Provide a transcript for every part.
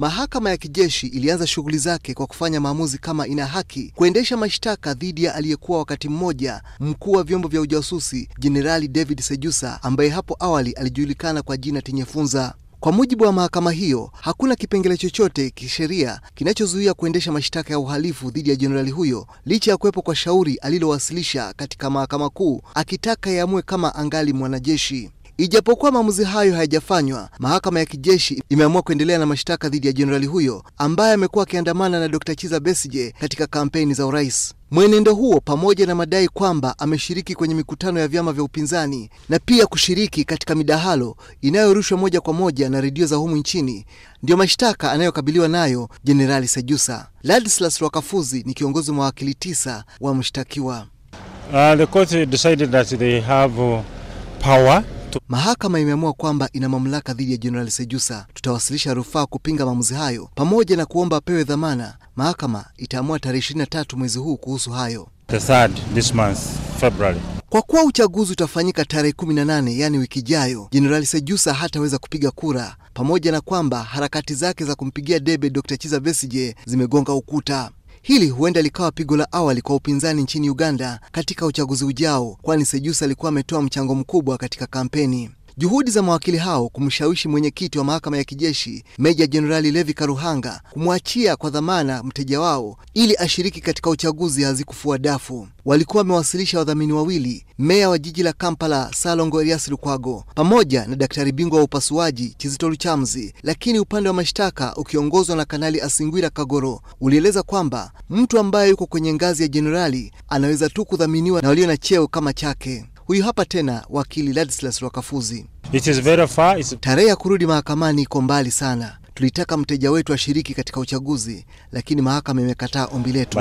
Mahakama ya kijeshi ilianza shughuli zake kwa kufanya maamuzi kama ina haki kuendesha mashtaka dhidi ya aliyekuwa wakati mmoja mkuu wa vyombo vya ujasusi Jenerali David Sejusa ambaye hapo awali alijulikana kwa jina Tinyefunza. Kwa mujibu wa mahakama hiyo, hakuna kipengele chochote kisheria kinachozuia kuendesha mashtaka ya uhalifu dhidi ya jenerali huyo licha ya kuwepo kwa shauri alilowasilisha katika mahakama kuu akitaka yaamue kama angali mwanajeshi. Ijapokuwa maamuzi hayo hayajafanywa, mahakama ya kijeshi imeamua kuendelea na mashtaka dhidi ya jenerali huyo ambaye amekuwa akiandamana na Dr. Chiza Besije katika kampeni za urais. Mwenendo huo pamoja na madai kwamba ameshiriki kwenye mikutano ya vyama vya upinzani na pia kushiriki katika midahalo inayorushwa moja kwa moja na redio za humu nchini ndiyo mashtaka anayokabiliwa nayo Jenerali Sejusa. Ladislas Rwakafuzi ni kiongozi wa wakili tisa wa mshtakiwa. Uh, the court decided that they have uh, power Mahakama imeamua kwamba ina mamlaka dhidi ya Jenerali Sejusa. Tutawasilisha rufaa kupinga maamuzi hayo pamoja na kuomba apewe dhamana. Mahakama itaamua tarehe 23 mwezi huu kuhusu hayo. The third, this month, February. Kwa kuwa uchaguzi utafanyika tarehe 18, yaani wiki ijayo, Jenerali Sejusa hataweza kupiga kura, pamoja na kwamba harakati zake za kumpigia debe Dr. Chiza Besije zimegonga ukuta. Hili huenda likawa pigo la awali kwa upinzani nchini Uganda katika uchaguzi ujao, kwani Sejusa alikuwa ametoa mchango mkubwa katika kampeni. Juhudi za mawakili hao kumshawishi mwenyekiti wa mahakama ya kijeshi Meja Jenerali Levi Karuhanga kumwachia kwa dhamana mteja wao ili ashiriki katika uchaguzi hazikufua dafu. Walikuwa wamewasilisha wadhamini wawili, meya wa jiji la Kampala Salongo Elias Lukwago pamoja na daktari bingwa wa upasuaji Chizito Luchamzi, lakini upande wa mashtaka ukiongozwa na Kanali Asingwira Kagoro ulieleza kwamba mtu ambaye yuko kwenye ngazi ya jenerali anaweza tu kudhaminiwa na walio na cheo kama chake. Huyu hapa tena wakili Ladislas Lwakafuzi. Tarehe ya kurudi mahakamani iko mbali sana. Tulitaka mteja wetu ashiriki katika uchaguzi, lakini mahakama imekataa ombi letu.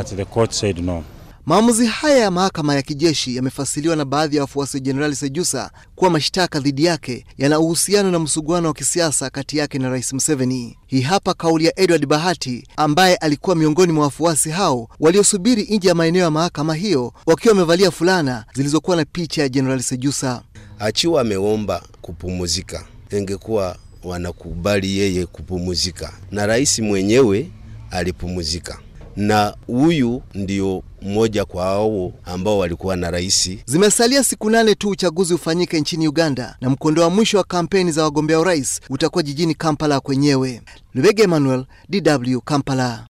Maamuzi haya ya mahakama ya kijeshi yamefasiliwa na baadhi ya wafuasi wa Jenerali Sejusa kuwa mashtaka dhidi yake yana uhusiano na msuguano wa kisiasa kati yake na Rais Museveni. Hii hapa kauli ya Edward Bahati ambaye alikuwa miongoni mwa wafuasi hao waliosubiri nje ya maeneo ya mahakama hiyo wakiwa wamevalia fulana zilizokuwa na picha ya Jenerali Sejusa. Achiwa ameomba kupumuzika, ingekuwa wanakubali yeye kupumuzika, na rais mwenyewe alipumuzika na huyu ndio mmoja kwa hao ambao walikuwa na rais. Zimesalia siku nane tu uchaguzi ufanyike nchini Uganda, na mkondo wa mwisho wa kampeni za wagombea urais utakuwa jijini Kampala kwenyewe. Lubege Emmanuel, DW, Kampala.